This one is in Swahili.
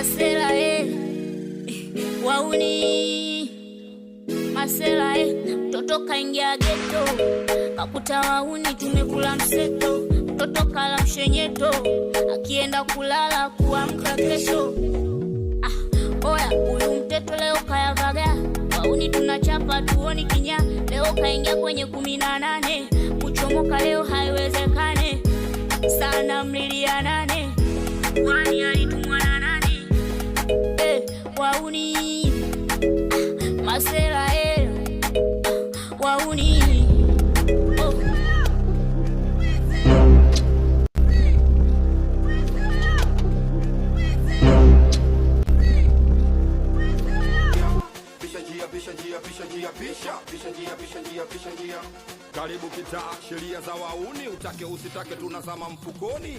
Masela eh, wauni Masela eh, mtoto kaingia geto kakuta wauni, tumekula mseto, mtoto kala mshenyeto, akienda kulala kuamka kesho. Ah, oya uyu mteto leo kayavaga wauni, tunachapa tuoni kinya, leo kaingia kwenye kumi na nane, kuchomoka leo haiwezekane sana, mlilianane pisha njia pisha njia pisha pisha njia pisha njia pisha njia, karibu kitaa, sheria za wauni, utake usitake, tunazama mfukoni.